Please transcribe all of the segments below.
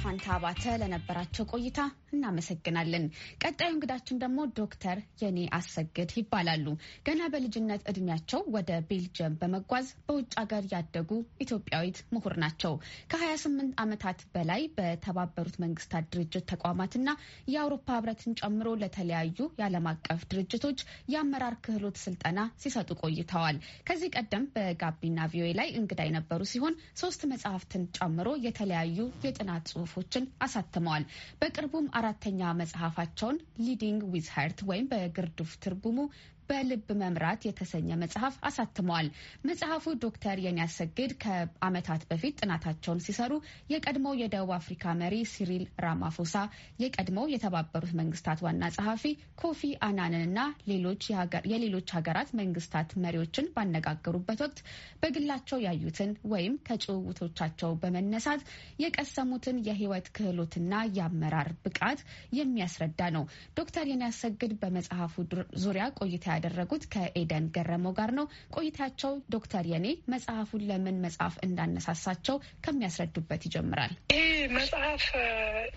ፋንታ አባተ ለነበራቸው ቆይታ እናመሰግናለን። ቀጣዩ እንግዳችን ደግሞ ዶክተር የኔ አሰግድ ይባላሉ። ገና በልጅነት እድሜያቸው ወደ ቤልጅየም በመጓዝ በውጭ ሀገር ያደጉ ኢትዮጵያዊት ምሁር ናቸው። ከ28 ዓመታት በላይ በተባበሩት መንግስታት ድርጅት ተቋማትና የአውሮፓ ህብረትን ጨምሮ ለተለያዩ የዓለም አቀፍ ድርጅቶች የአመራር ክህሎት ስልጠና ሲሰጡ ቆይተዋል። ከዚህ ቀደም በጋቢና ቪኦኤ ላይ እንግዳ የነበሩ ሲሆን ሶስት መጽሐፍትን ጨምሮ የተለያዩ የጥናት ጽሁፎች መጽሐፎችን አሳትመዋል። በቅርቡም አራተኛ መጽሐፋቸውን ሊዲንግ ዊዝ ሀርት ወይም በግርዱፍ ትርጉሙ በልብ መምራት የተሰኘ መጽሐፍ አሳትመዋል። መጽሐፉ ዶክተር ሰግድ ከአመታት በፊት ጥናታቸውን ሲሰሩ የቀድሞ የደቡብ አፍሪካ መሪ ሲሪል ራማፎሳ፣ የቀድሞ የተባበሩት መንግስታት ዋና ጸሐፊ ኮፊ አናንንና የሌሎች ሀገራት መንግስታት መሪዎችን ባነጋገሩበት ወቅት በግላቸው ያዩትን ወይም ከጭውውቶቻቸው በመነሳት የቀሰሙትን የህይወት ክህሎትና የአመራር ብቃት የሚያስረዳ ነው። ዶክተር ሰግድ በመጽሐፉ ዙሪያ ቆይታ ያደረጉት ከኤደን ገረመው ጋር ነው። ቆይታቸው ዶክተር የኔ መጽሐፉን ለምን መጽሐፍ እንዳነሳሳቸው ከሚያስረዱበት ይጀምራል። ይህ መጽሐፍ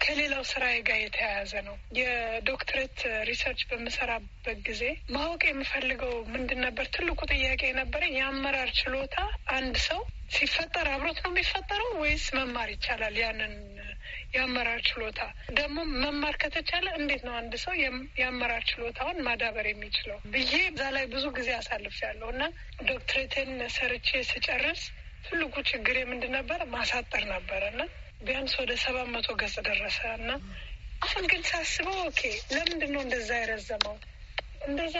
ከሌላው ስራዬ ጋር የተያያዘ ነው። የዶክትሬት ሪሰርች በምሰራበት ጊዜ ማወቅ የምፈልገው ምንድን ነበር? ትልቁ ጥያቄ የነበረኝ የአመራር ችሎታ አንድ ሰው ሲፈጠር አብሮት ነው የሚፈጠረው ወይስ መማር ይቻላል? ያንን የአመራር ችሎታ ደግሞ መማር ከተቻለ እንዴት ነው አንድ ሰው የአመራር ችሎታውን ማዳበር የሚችለው ብዬ እዛ ላይ ብዙ ጊዜ ያለው እና ዶክትሬቴን ሰርቼ ስጨርስ ትልቁ ችግር ምንድን ነበረ? ማሳጠር ነበረ እና ቢያንስ ወደ ሰባት መቶ ገጽ ደረሰ እና አሁን ግን ሳስበው ኦኬ፣ ለምንድን ነው እንደዛ የረዘመው? እንደዛ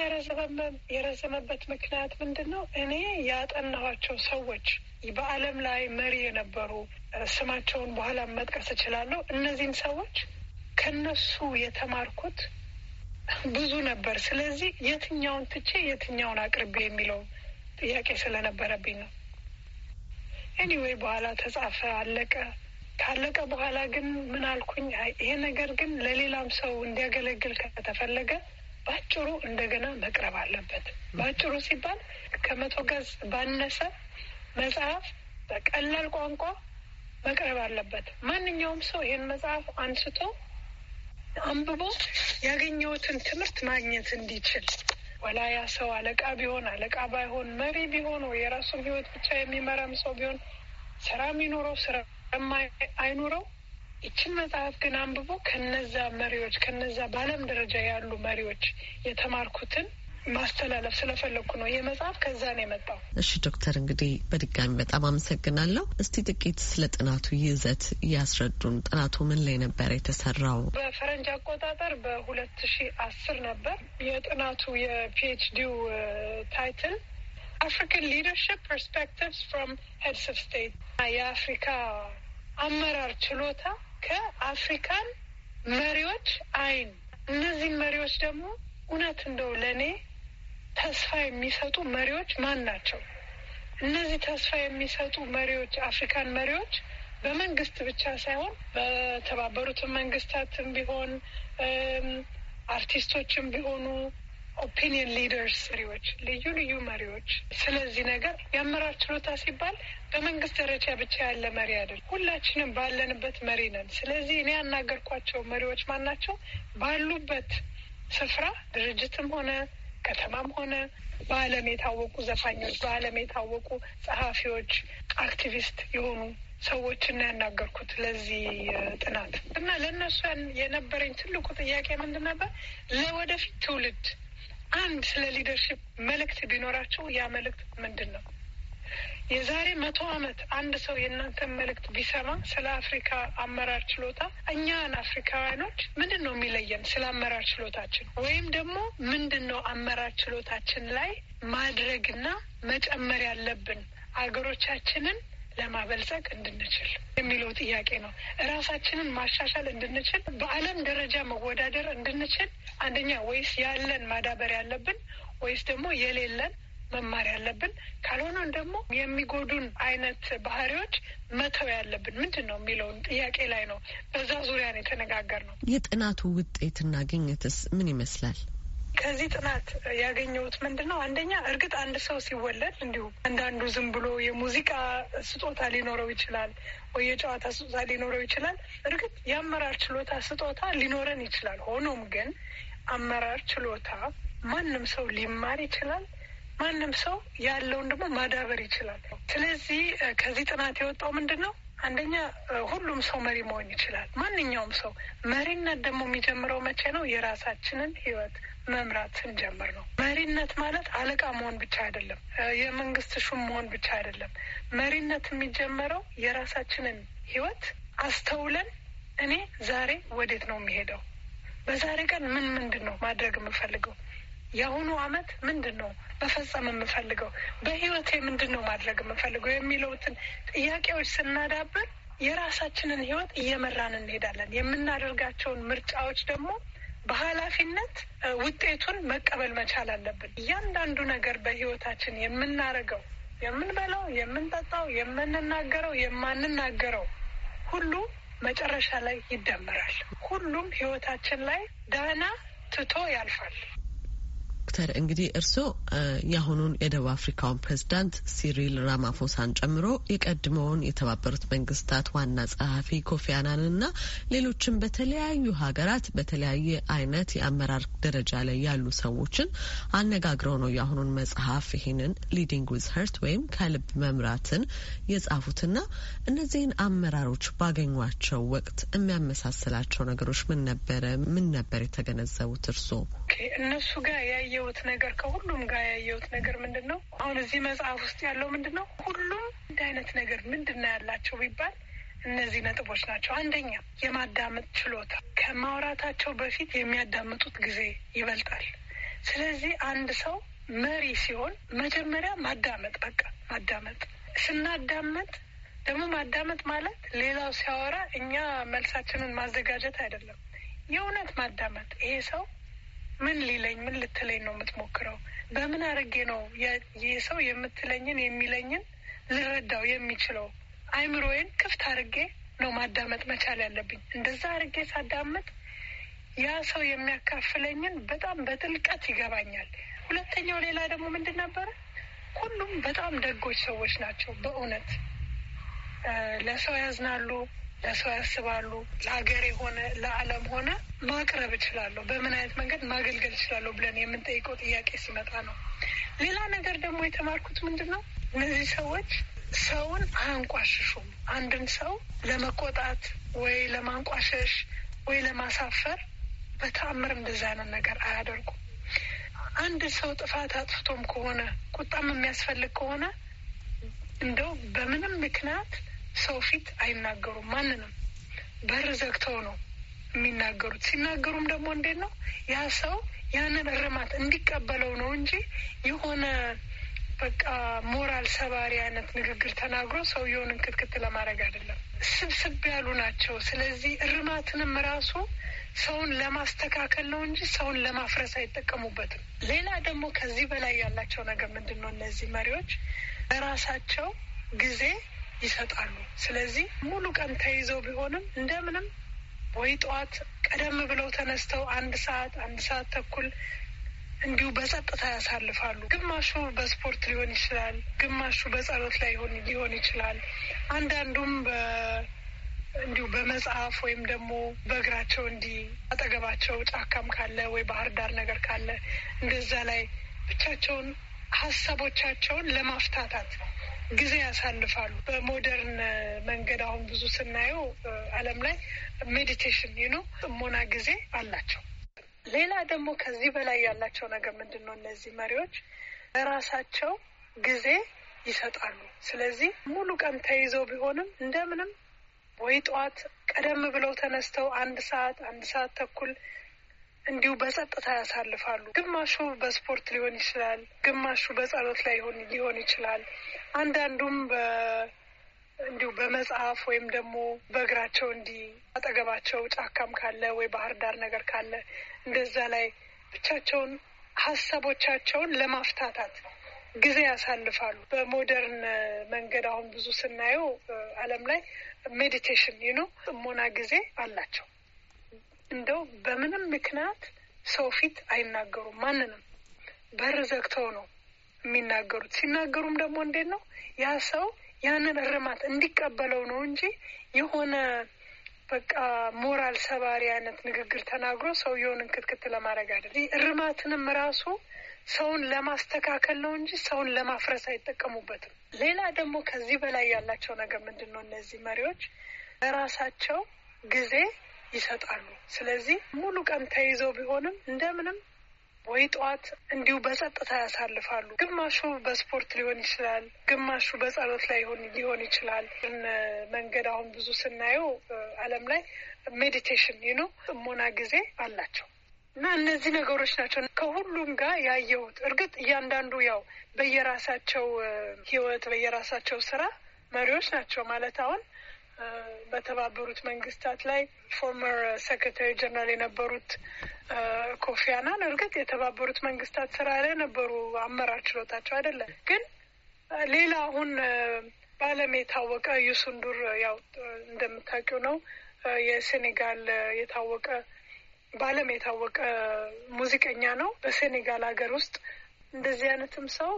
የረዘመበት ምክንያት ምንድን ነው? እኔ ያጠናኋቸው ሰዎች በዓለም ላይ መሪ የነበሩ ስማቸውን በኋላ መጥቀስ እችላለሁ። እነዚህን ሰዎች ከነሱ የተማርኩት ብዙ ነበር። ስለዚህ የትኛውን ትቼ የትኛውን አቅርቤ የሚለው ጥያቄ ስለነበረብኝ ነው። ኤኒዌይ በኋላ ተጻፈ፣ አለቀ። ካለቀ በኋላ ግን ምን አልኩኝ? ይሄ ነገር ግን ለሌላም ሰው እንዲያገለግል ከተፈለገ በአጭሩ እንደገና መቅረብ አለበት። በአጭሩ ሲባል ከመቶ ገጽ ባነሰ መጽሐፍ በቀላል ቋንቋ መቅረብ አለበት። ማንኛውም ሰው ይህን መጽሐፍ አንስቶ አንብቦ ያገኘሁትን ትምህርት ማግኘት እንዲችል ወላያ ሰው አለቃ ቢሆን አለቃ ባይሆን መሪ ቢሆን ወይ የራሱን ህይወት ብቻ የሚመራም ሰው ቢሆን ስራ የሚኖረው ስራ አይኑረው ይችን መጽሐፍ ግን አንብቦ ከነዛ መሪዎች ከነዛ በዓለም ደረጃ ያሉ መሪዎች የተማርኩትን ማስተላለፍ ስለፈለግኩ ነው። ይህ መጽሐፍ ከዛ ነው የመጣው። እሺ ዶክተር፣ እንግዲህ በድጋሚ በጣም አመሰግናለሁ። እስቲ ጥቂት ስለ ጥናቱ ይዘት እያስረዱን። ጥናቱ ምን ላይ ነበር የተሰራው? በፈረንጅ አቆጣጠር በሁለት ሺ አስር ነበር የጥናቱ የፒኤችዲው ታይትል አፍሪካን ሊደርሽፕ ፐርስፔክቲቭስ ፍሮም ሄድስ ኦፍ ስቴት የአፍሪካ አመራር ችሎታ ከአፍሪካን መሪዎች አይን እነዚህ መሪዎች ደግሞ እውነት እንደው ለእኔ ተስፋ የሚሰጡ መሪዎች ማን ናቸው? እነዚህ ተስፋ የሚሰጡ መሪዎች አፍሪካን መሪዎች በመንግስት ብቻ ሳይሆን በተባበሩትን መንግስታትም ቢሆን አርቲስቶችም ቢሆኑ ኦፒኒየን ሊደርስ መሪዎች፣ ልዩ ልዩ መሪዎች። ስለዚህ ነገር የአመራር ችሎታ ሲባል በመንግስት ደረጃ ብቻ ያለ መሪ አይደል፣ ሁላችንም ባለንበት መሪ ነን። ስለዚህ እኔ ያናገርኳቸው መሪዎች ማናቸው ባሉበት ስፍራ ድርጅትም ሆነ ከተማም ሆነ በዓለም የታወቁ ዘፋኞች፣ በዓለም የታወቁ ጸሐፊዎች፣ አክቲቪስት የሆኑ ሰዎችና ያናገርኩት ለዚህ ጥናት እና ለእነሱ የነበረኝ ትልቁ ጥያቄ ምንድን ነበር ለወደፊት ትውልድ አንድ ስለ ሊደርሽፕ መልእክት ቢኖራቸው ያ መልእክት ምንድን ነው? የዛሬ መቶ ዓመት አንድ ሰው የእናንተን መልእክት ቢሰማ ስለ አፍሪካ አመራር ችሎታ እኛን አፍሪካውያኖች ምንድን ነው የሚለየን ስለ አመራር ችሎታችን ወይም ደግሞ ምንድን ነው አመራር ችሎታችን ላይ ማድረግና መጨመር ያለብን አገሮቻችንን ለማበልጸግ እንድንችል የሚለው ጥያቄ ነው። እራሳችንን ማሻሻል እንድንችል፣ በዓለም ደረጃ መወዳደር እንድንችል አንደኛ ወይስ ያለን ማዳበር ያለብን ወይስ ደግሞ የሌለን መማር ያለብን ካልሆነን ደግሞ የሚጎዱን አይነት ባህሪዎች መተው ያለብን ምንድን ነው የሚለውን ጥያቄ ላይ ነው። በዛ ዙሪያ ነው የተነጋገር ነው። የጥናቱ ውጤትና ግኝትስ ምን ይመስላል? ከዚህ ጥናት ያገኘሁት ምንድን ነው? አንደኛ እርግጥ አንድ ሰው ሲወለድ እንዲሁም አንዳንዱ ዝም ብሎ የሙዚቃ ስጦታ ሊኖረው ይችላል ወይ የጨዋታ ስጦታ ሊኖረው ይችላል። እርግጥ የአመራር ችሎታ ስጦታ ሊኖረን ይችላል። ሆኖም ግን አመራር ችሎታ ማንም ሰው ሊማር ይችላል። ማንም ሰው ያለውን ደግሞ ማዳበር ይችላል። ስለዚህ ከዚህ ጥናት የወጣው ምንድን ነው? አንደኛ ሁሉም ሰው መሪ መሆን ይችላል። ማንኛውም ሰው መሪነት ደግሞ የሚጀምረው መቼ ነው? የራሳችንን ህይወት መምራት ስንጀምር ነው። መሪነት ማለት አለቃ መሆን ብቻ አይደለም፣ የመንግስት ሹም መሆን ብቻ አይደለም። መሪነት የሚጀመረው የራሳችንን ህይወት አስተውለን እኔ ዛሬ ወዴት ነው የሚሄደው፣ በዛሬ ቀን ምን ምንድን ነው ማድረግ የምፈልገው የአሁኑ አመት ምንድን ነው መፈጸም የምፈልገው በህይወቴ ምንድን ነው ማድረግ የምፈልገው የሚለውትን ጥያቄዎች ስናዳብር የራሳችንን ህይወት እየመራን እንሄዳለን። የምናደርጋቸውን ምርጫዎች ደግሞ በኃላፊነት ውጤቱን መቀበል መቻል አለብን። እያንዳንዱ ነገር በህይወታችን የምናደርገው የምንበላው፣ የምንጠጣው፣ የምንናገረው፣ የማንናገረው ሁሉ መጨረሻ ላይ ይደመራል። ሁሉም ህይወታችን ላይ ዳና ትቶ ያልፋል። ዶክተር እንግዲህ እርስዎ የአሁኑን የደቡብ አፍሪካውን ፕሬዝዳንት ሲሪል ራማፎሳን ጨምሮ የቀድሞውን የተባበሩት መንግስታት ዋና ጸሐፊ ኮፊ አናንና ሌሎችን በተለያዩ ሀገራት በተለያየ አይነት የአመራር ደረጃ ላይ ያሉ ሰዎችን አነጋግረው ነው የአሁኑን መጽሐፍ ይህንን ሊዲንግ ዊዝ ሀርት ወይም ከልብ መምራትን የጻፉትና እነዚህን አመራሮች ባገኟቸው ወቅት የሚያመሳስላቸው ነገሮች ምን ነበረ? ምን ነበር የተገነዘቡት እርስዎ እነሱ ጋር ያየ ያየሁት ነገር ከሁሉም ጋር ያየሁት ነገር ምንድን ነው? አሁን እዚህ መጽሐፍ ውስጥ ያለው ምንድን ነው? ሁሉም እንደ አይነት ነገር ምንድን ነው ያላቸው ቢባል እነዚህ ነጥቦች ናቸው። አንደኛ የማዳመጥ ችሎታ፣ ከማውራታቸው በፊት የሚያዳምጡት ጊዜ ይበልጣል። ስለዚህ አንድ ሰው መሪ ሲሆን መጀመሪያ ማዳመጥ፣ በቃ ማዳመጥ። ስናዳመጥ ደግሞ ማዳመጥ ማለት ሌላው ሲያወራ እኛ መልሳችንን ማዘጋጀት አይደለም፣ የእውነት ማዳመጥ። ይሄ ሰው ምን ሊለኝ ምን ልትለኝ ነው የምትሞክረው? በምን አድርጌ ነው ይህ ሰው የምትለኝን የሚለኝን ልረዳው የሚችለው? አይምሮዬን ክፍት አድርጌ ነው ማዳመጥ መቻል ያለብኝ። እንደዛ አድርጌ ሳዳመጥ ያ ሰው የሚያካፍለኝን በጣም በጥልቀት ይገባኛል። ሁለተኛው ሌላ ደግሞ ምንድን ነበረ? ሁሉም በጣም ደጎች ሰዎች ናቸው። በእውነት ለሰው ያዝናሉ፣ ለሰው ያስባሉ ለሀገር የሆነ ለዓለም ሆነ ማቅረብ እችላለሁ፣ በምን አይነት መንገድ ማገልገል እችላለሁ ብለን የምንጠይቀው ጥያቄ ሲመጣ ነው። ሌላ ነገር ደግሞ የተማርኩት ምንድን ነው እነዚህ ሰዎች ሰውን አያንቋሽሹም። አንድን ሰው ለመቆጣት ወይ ለማንቋሸሽ ወይ ለማሳፈር በተአምር እንደዛ አይነት ነገር አያደርጉም። አንድ ሰው ጥፋት አጥፍቶም ከሆነ ቁጣም የሚያስፈልግ ከሆነ እንደው በምንም ምክንያት ሰው ፊት አይናገሩም። ማንንም በር ዘግተው ነው የሚናገሩት። ሲናገሩም ደግሞ እንዴት ነው ያ ሰው ያንን እርማት እንዲቀበለው ነው እንጂ የሆነ በቃ ሞራል ሰባሪ አይነት ንግግር ተናግሮ ሰውየውን እንክትክት ለማድረግ አይደለም። ስብስብ ያሉ ናቸው። ስለዚህ እርማትንም ራሱ ሰውን ለማስተካከል ነው እንጂ ሰውን ለማፍረስ አይጠቀሙበትም። ሌላ ደግሞ ከዚህ በላይ ያላቸው ነገር ምንድን ነው? እነዚህ መሪዎች በራሳቸው ጊዜ ይሰጣሉ። ስለዚህ ሙሉ ቀን ተይዘው ቢሆንም እንደምንም ወይ ጠዋት ቀደም ብለው ተነስተው አንድ ሰዓት አንድ ሰዓት ተኩል እንዲሁ በጸጥታ ያሳልፋሉ። ግማሹ በስፖርት ሊሆን ይችላል፣ ግማሹ በጸሎት ላይ ሊሆን ይችላል። አንዳንዱም እንዲሁ በመጽሐፍ ወይም ደግሞ በእግራቸው እንዲህ አጠገባቸው ጫካም ካለ ወይ ባህር ዳር ነገር ካለ እንደዛ ላይ ብቻቸውን ሀሳቦቻቸውን ለማፍታታት ጊዜ ያሳልፋሉ። በሞደርን መንገድ አሁን ብዙ ስናየው ዓለም ላይ ሜዲቴሽን ይኖ ጥሞና ጊዜ አላቸው። ሌላ ደግሞ ከዚህ በላይ ያላቸው ነገር ምንድን ነው? እነዚህ መሪዎች ለራሳቸው ጊዜ ይሰጣሉ። ስለዚህ ሙሉ ቀን ተይዘው ቢሆንም እንደምንም ወይ ጠዋት ቀደም ብለው ተነስተው አንድ ሰዓት አንድ ሰዓት ተኩል እንዲሁ በጸጥታ ያሳልፋሉ። ግማሹ በስፖርት ሊሆን ይችላል፣ ግማሹ በጸሎት ላይ ሊሆን ይችላል። አንዳንዱም እንዲሁ በመጽሐፍ ወይም ደግሞ በእግራቸው እንዲህ አጠገባቸው ጫካም ካለ ወይ ባህር ዳር ነገር ካለ እንደዛ ላይ ብቻቸውን ሀሳቦቻቸውን ለማፍታታት ጊዜ ያሳልፋሉ። በሞደርን መንገድ አሁን ብዙ ስናየው ዓለም ላይ ሜዲቴሽን ይኖ ጥሞና ጊዜ አላቸው። እንደው በምንም ምክንያት ሰው ፊት አይናገሩም። ማንንም በር ዘግተው ነው የሚናገሩት። ሲናገሩም ደግሞ እንዴት ነው ያ ሰው ያንን እርማት እንዲቀበለው ነው እንጂ የሆነ በቃ ሞራል ሰባሪ አይነት ንግግር ተናግሮ ሰውየውን እንክትክት ለማድረግ አይደለም። እርማትንም ራሱ ሰውን ለማስተካከል ነው እንጂ ሰውን ለማፍረስ አይጠቀሙበትም። ሌላ ደግሞ ከዚህ በላይ ያላቸው ነገር ምንድን ነው? እነዚህ መሪዎች ለራሳቸው ጊዜ ይሰጣሉ። ስለዚህ ሙሉ ቀን ተይዘው ቢሆንም እንደምንም ወይ ጠዋት እንዲሁ በጸጥታ ያሳልፋሉ። ግማሹ በስፖርት ሊሆን ይችላል፣ ግማሹ በጸሎት ላይ ሊሆን ይችላል። መንገድ አሁን ብዙ ስናየው ዓለም ላይ ሜዲቴሽን ይኖ ጥሞና ጊዜ አላቸው እና እነዚህ ነገሮች ናቸው ከሁሉም ጋር ያየሁት። እርግጥ እያንዳንዱ ያው በየራሳቸው ህይወት በየራሳቸው ስራ መሪዎች ናቸው ማለት አሁን በተባበሩት መንግስታት ላይ ፎርመር ሴክሬታሪ ጀነራል የነበሩት uh, ኮፊ አናን እርግጥ የተባበሩት መንግስታት ስራ ላይ ነበሩ፣ አመራር ችሎታቸው አይደለም። ግን uh, ሌላ አሁን uh, በአለም የታወቀ ዩሱንዱር ያው እንደምታውቂው ነው የሴኔጋል የታወቀ በአለም የታወቀ ሙዚቀኛ ነው። በሴኔጋል ሀገር ውስጥ እንደዚህ አይነትም ሰው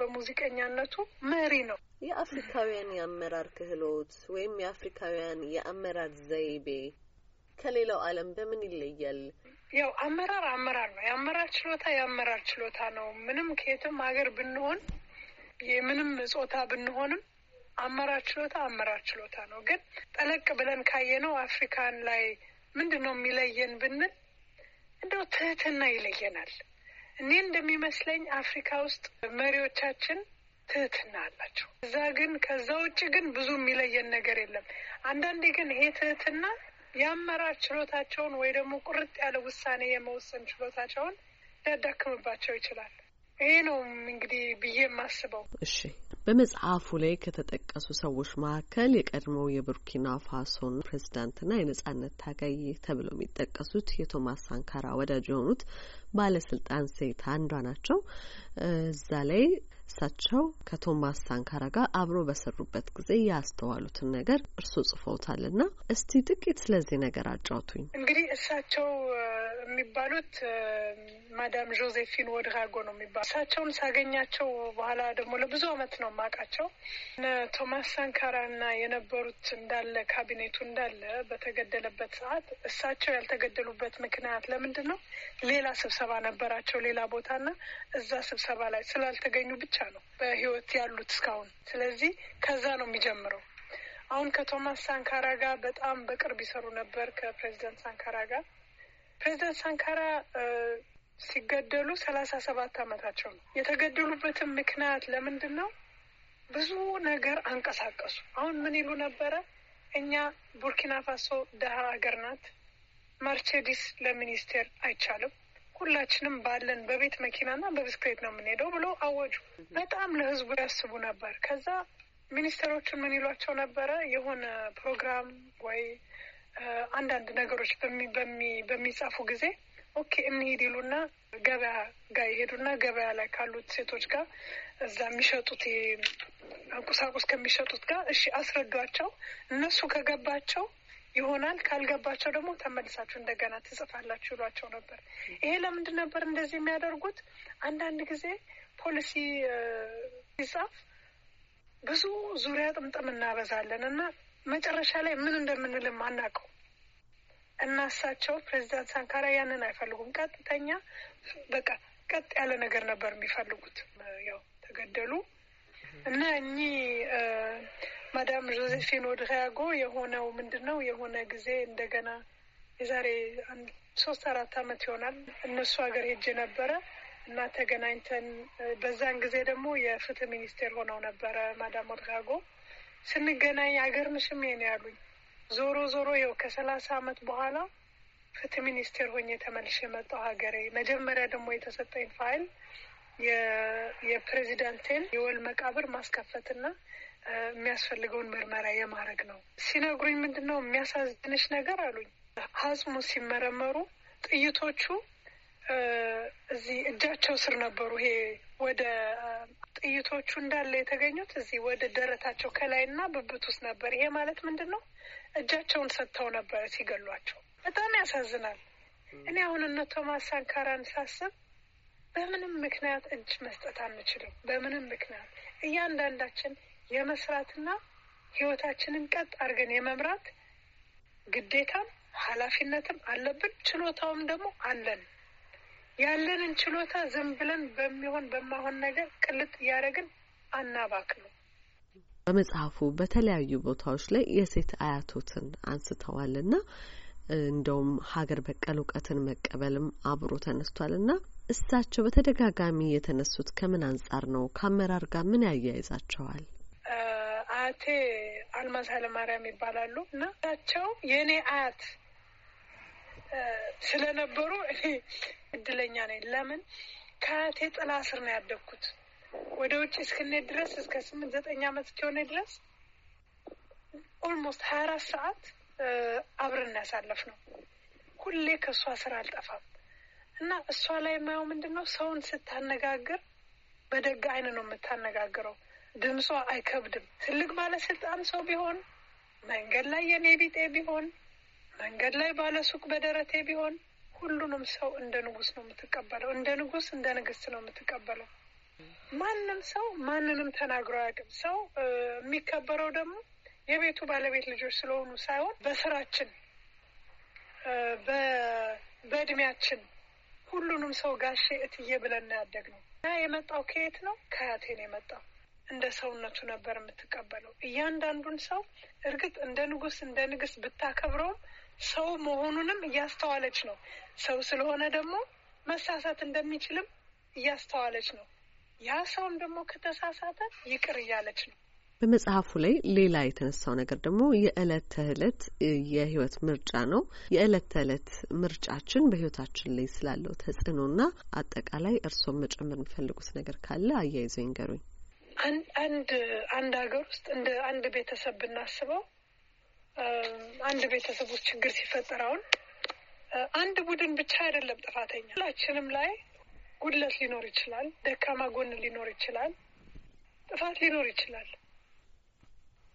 በሙዚቀኛነቱ መሪ ነው። የአፍሪካውያን የአመራር ክህሎት ወይም የአፍሪካውያን የአመራር ዘይቤ ከሌላው ዓለም በምን ይለያል? ያው አመራር አመራር ነው። የአመራር ችሎታ የአመራር ችሎታ ነው። ምንም ከየትም ሀገር ብንሆን የምንም ጾታ ብንሆንም አመራር ችሎታ አመራር ችሎታ ነው። ግን ጠለቅ ብለን ካየነው አፍሪካን ላይ ምንድን ነው የሚለየን ብንል እንደው ትህትና ይለየናል። እኔ እንደሚመስለኝ አፍሪካ ውስጥ መሪዎቻችን ትህትና አላቸው። እዛ ግን ከዛ ውጭ ግን ብዙ የሚለየን ነገር የለም። አንዳንዴ ግን ይሄ ትህትና የአመራር ችሎታቸውን ወይ ደግሞ ቁርጥ ያለ ውሳኔ የመወሰን ችሎታቸውን ሊያዳክምባቸው ይችላል። ይሄ ነው እንግዲህ ብዬ የማስበው። እሺ በመጽሐፉ ላይ ከተጠቀሱ ሰዎች መካከል የቀድሞው የቡርኪና ፋሶን ፕሬዝዳንትና የነጻነት ታጋይ ተብለው የሚጠቀሱት የቶማስ ሳንካራ ወዳጅ የሆኑት ባለስልጣን ሴት አንዷ ናቸው። እዛ ላይ እሳቸው ከቶማስ ሳንካራ ጋር አብሮ በሰሩበት ጊዜ ያስተዋሉትን ነገር ጽፈውታል ጽፈውታልና እስቲ ጥቂት ስለዚህ ነገር አጫውቱኝ። እንግዲህ እሳቸው የሚባሉት ማዳም ጆዜፊን ወድሃጎ ነው የሚባሉ እሳቸውን ሳገኛቸው በኋላ ደግሞ ለብዙ አመት ነው ማቃቸው ቶማስ ሳንካራ እና የነበሩት እንዳለ ካቢኔቱ እንዳለ በተገደለበት ሰዓት እሳቸው ያልተገደሉበት ምክንያት ለምንድን ነው? ሌላ ስብሰባ ነበራቸው ሌላ ቦታ እና እዛ ስብሰባ ላይ ስላልተገኙ ብቻ ነው በህይወት ያሉት እስካሁን። ስለዚህ ከዛ ነው የሚጀምረው። አሁን ከቶማስ ሳንካራ ጋር በጣም በቅርብ ይሰሩ ነበር ከፕሬዚደንት ሳንካራ ጋር። ፕሬዚደንት ሳንካራ ሲገደሉ ሰላሳ ሰባት አመታቸው ነው። የተገደሉበትም ምክንያት ለምንድን ነው? ብዙ ነገር አንቀሳቀሱ። አሁን ምን ይሉ ነበረ? እኛ ቡርኪና ፋሶ ደሀ ሀገር ናት፣ መርቼዲስ ለሚኒስቴር አይቻልም፣ ሁላችንም ባለን በቤት መኪናና በብስክሌት ነው የምንሄደው ብሎ አወጁ። በጣም ለህዝቡ ያስቡ ነበር። ከዛ ሚኒስቴሮቹን ምን ይሏቸው ነበረ? የሆነ ፕሮግራም ወይ አንዳንድ ነገሮች በሚጻፉ ጊዜ ኦኬ እንሂድ ይሉና ገበያ ጋር ይሄዱና ገበያ ላይ ካሉት ሴቶች ጋር እዛ የሚሸጡት ቁሳቁስ ከሚሸጡት ጋር እሺ አስረዷቸው። እነሱ ከገባቸው ይሆናል ካልገባቸው ደግሞ ተመልሳችሁ እንደገና ትጽፋላችሁ ይሏቸው ነበር። ይሄ ለምንድን ነበር እንደዚህ የሚያደርጉት? አንዳንድ ጊዜ ፖሊሲ ሲጻፍ ብዙ ዙሪያ ጥምጥም እናበዛለን እና መጨረሻ ላይ ምን እንደምንልም አናውቀው። እና እሳቸው ፕሬዚዳንት ሳንካራ ያንን አይፈልጉም። ቀጥተኛ በቃ ቀጥ ያለ ነገር ነበር የሚፈልጉት። ያው ተገደሉ እና እኚህ ማዳም ዦዜፊን ወድሪያጎ የሆነው ምንድን ነው የሆነ ጊዜ እንደገና የዛሬ ሶስት አራት አመት ይሆናል እነሱ ሀገር ሄጄ ነበረ እና ተገናኝተን በዛን ጊዜ ደግሞ የፍትህ ሚኒስቴር ሆነው ነበረ ማዳም ወድሪያጎ ስንገናኝ ሀገር ምሽም ነው ያሉኝ። ዞሮ ዞሮ ይኸው ከሰላሳ አመት በኋላ ፍትህ ሚኒስቴር ሆኜ ተመልሼ መጣሁ ሀገሬ። መጀመሪያ ደግሞ የተሰጠኝ ፋይል የፕሬዚዳንቴን የወል መቃብር ማስከፈትና የሚያስፈልገውን ምርመራ የማድረግ ነው። ሲነግሩኝ ምንድን ነው የሚያሳዝንሽ ነገር አሉኝ። አጽሙ ሲመረመሩ ጥይቶቹ እዚህ እጃቸው ስር ነበሩ። ይሄ ወደ ጥይቶቹ እንዳለ የተገኙት እዚህ ወደ ደረታቸው ከላይና ብብት ውስጥ ነበር። ይሄ ማለት ምንድን ነው? እጃቸውን ሰጥተው ነበረ ሲገሏቸው። በጣም ያሳዝናል። እኔ አሁን እነ ቶማስ ሳንካራን ሳስብ በምንም ምክንያት እጅ መስጠት አንችልም። በምንም ምክንያት እያንዳንዳችን የመስራትና ህይወታችንን ቀጥ አድርገን የመምራት ግዴታም ኃላፊነትም አለብን። ችሎታውም ደግሞ አለን። ያለንን ችሎታ ዝም ብለን በሚሆን በማሆን ነገር ቅልጥ እያደረግን አናባክ ነው። በመጽሐፉ በተለያዩ ቦታዎች ላይ የሴት አያቶትን አንስተዋል እና እንደውም ሀገር በቀል እውቀትን መቀበልም አብሮ ተነስቷል። እና እሳቸው በተደጋጋሚ የተነሱት ከምን አንጻር ነው? ከአመራር ጋር ምን ያያይዛቸዋል? አያቴ አልማዝ ኃይለማርያም ይባላሉ እና እሳቸው የእኔ አያት ስለነበሩ እድለኛ ነኝ። ለምን ከአያቴ ጥላ ስር ነው ያደግኩት። ወደ ውጭ እስክኔ ድረስ እስከ ስምንት ዘጠኝ አመት እስኪሆነ ድረስ ኦልሞስት ሀያ አራት ሰዓት አብረን ያሳለፍ ነው። ሁሌ ከእሷ ስራ አልጠፋም እና እሷ ላይ የማየው ምንድን ነው ሰውን ስታነጋግር በደግ አይን ነው የምታነጋግረው። ድምጿ አይከብድም። ትልቅ ባለስልጣን ሰው ቢሆን መንገድ ላይ የኔ ቢጤ ቢሆን መንገድ ላይ ባለሱቅ በደረቴ ቢሆን ሁሉንም ሰው እንደ ንጉስ ነው የምትቀበለው፣ እንደ ንጉስ እንደ ንግስት ነው የምትቀበለው። ማንም ሰው ማንንም ተናግሮ አያውቅም። ሰው የሚከበረው ደግሞ የቤቱ ባለቤት ልጆች ስለሆኑ ሳይሆን በስራችን በእድሜያችን ሁሉንም ሰው ጋሼ እትዬ ብለን ያደግ ነው እና የመጣው ከየት ነው? ከአያቴ ነው የመጣው። እንደ ሰውነቱ ነበር የምትቀበለው እያንዳንዱን ሰው። እርግጥ እንደ ንጉስ እንደ ንግስት ብታከብረውም ሰው መሆኑንም እያስተዋለች ነው። ሰው ስለሆነ ደግሞ መሳሳት እንደሚችልም እያስተዋለች ነው። ያ ሰውም ደግሞ ከተሳሳተ ይቅር እያለች ነው። በመጽሐፉ ላይ ሌላ የተነሳው ነገር ደግሞ የእለት ተእለት የህይወት ምርጫ ነው። የእለት ተእለት ምርጫችን በህይወታችን ላይ ስላለው ተጽዕኖና አጠቃላይ እርስዎም መጨመር የሚፈልጉት ነገር ካለ አያይዘው ይንገሩኝ። አንድ አንድ ሀገር ውስጥ እንደ አንድ ቤተሰብ ብናስበው አንድ ቤተሰብ ውስጥ ችግር ሲፈጠር አሁን አንድ ቡድን ብቻ አይደለም ጥፋተኛ። ሁላችንም ላይ ጉድለት ሊኖር ይችላል፣ ደካማ ጎን ሊኖር ይችላል፣ ጥፋት ሊኖር ይችላል።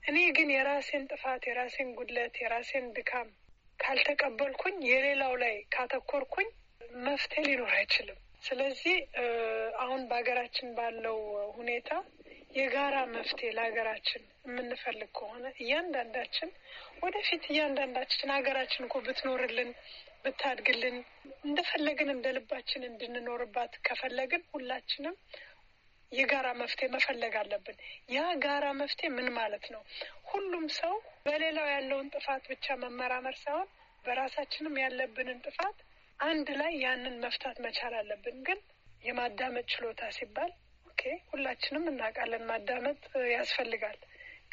እኔ ግን የራሴን ጥፋት፣ የራሴን ጉድለት፣ የራሴን ድካም ካልተቀበልኩኝ የሌላው ላይ ካተኮርኩኝ መፍትሄ ሊኖር አይችልም። ስለዚህ አሁን በሀገራችን ባለው ሁኔታ የጋራ መፍትሄ ለሀገራችን የምንፈልግ ከሆነ እያንዳንዳችን ወደፊት እያንዳንዳችን ሀገራችን እኮ ብትኖርልን ብታድግልን እንደፈለግን እንደ ልባችን እንድንኖርባት ከፈለግን ሁላችንም የጋራ መፍትሄ መፈለግ አለብን። ያ ጋራ መፍትሄ ምን ማለት ነው? ሁሉም ሰው በሌላው ያለውን ጥፋት ብቻ መመራመር ሳይሆን በራሳችንም ያለብንን ጥፋት አንድ ላይ ያንን መፍታት መቻል አለብን። ግን የማዳመጥ ችሎታ ሲባል ኦኬ ሁላችንም እናውቃለን፣ ማዳመጥ ያስፈልጋል።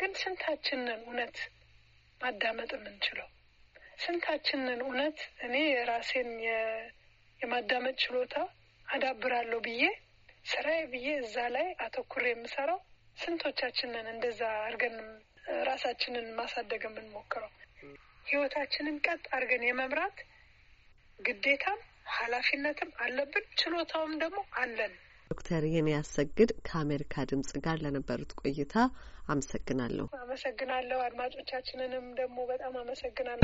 ግን ስንታችንን እውነት ማዳመጥ የምንችለው ስንታችንን እውነት እኔ የራሴን የማዳመጥ ችሎታ አዳብራለሁ ብዬ ስራዬ ብዬ እዛ ላይ አተኩር የምሰራው ስንቶቻችንን እንደዛ አድርገን ራሳችንን ማሳደግ የምንሞክረው ህይወታችንን ቀጥ አድርገን የመምራት ግዴታም ኃላፊነትም አለብን። ችሎታውም ደግሞ አለን። ዶክተር ሰግድ ከአሜሪካ ድምጽ ጋር ለነበሩት ቆይታ አመሰግናለሁ። አመሰግናለሁ። አድማጮቻችንንም ደግሞ በጣም አመሰግናለሁ።